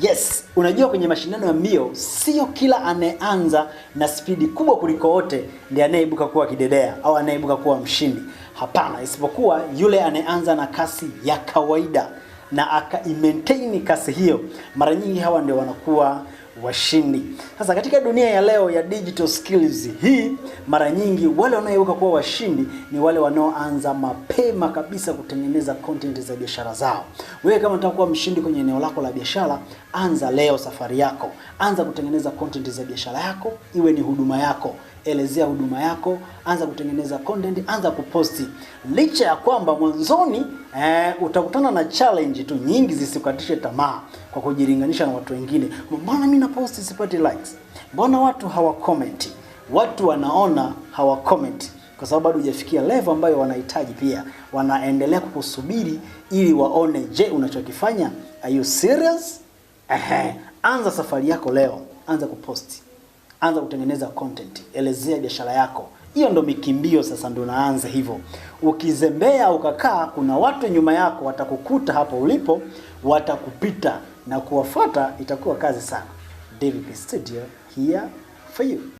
Yes, unajua kwenye mashindano ya mbio sio kila anayeanza na spidi kubwa kuliko wote ndiye anayeibuka kuwa kidedea au anayeibuka kuwa mshindi. Hapana, isipokuwa yule anayeanza na kasi ya kawaida na aka maintain kasi hiyo, mara nyingi hawa ndio wanakuwa washindi. Sasa katika dunia ya leo ya digital skills hii, mara nyingi wale wanaoiweka kuwa washindi ni wale wanaoanza mapema kabisa kutengeneza content za biashara zao. Wewe kama unataka kuwa mshindi kwenye eneo lako la biashara, anza leo safari yako, anza kutengeneza content za biashara yako, iwe ni huduma yako elezea huduma yako, anza kutengeneza content, anza kuposti. Licha ya kwamba mwanzoni eh, utakutana na challenge tu nyingi, zisikatishe tamaa kwa kujilinganisha na watu wengine. Mbona mimi naposti sipati likes? Mbona watu hawakomenti? Watu wanaona hawakomenti kwa sababu bado hujafikia level ambayo wanahitaji. Pia wanaendelea kukusubiri ili waone, je, unachokifanya are you serious? Ehe, anza safari yako leo, anza kuposti anza kutengeneza content, elezea biashara yako. Hiyo ndo mikimbio sasa, ndo naanza hivyo. Ukizembea ukakaa, kuna watu nyuma yako watakukuta hapo ulipo, watakupita na kuwafuata, itakuwa kazi sana. David Studio here for you.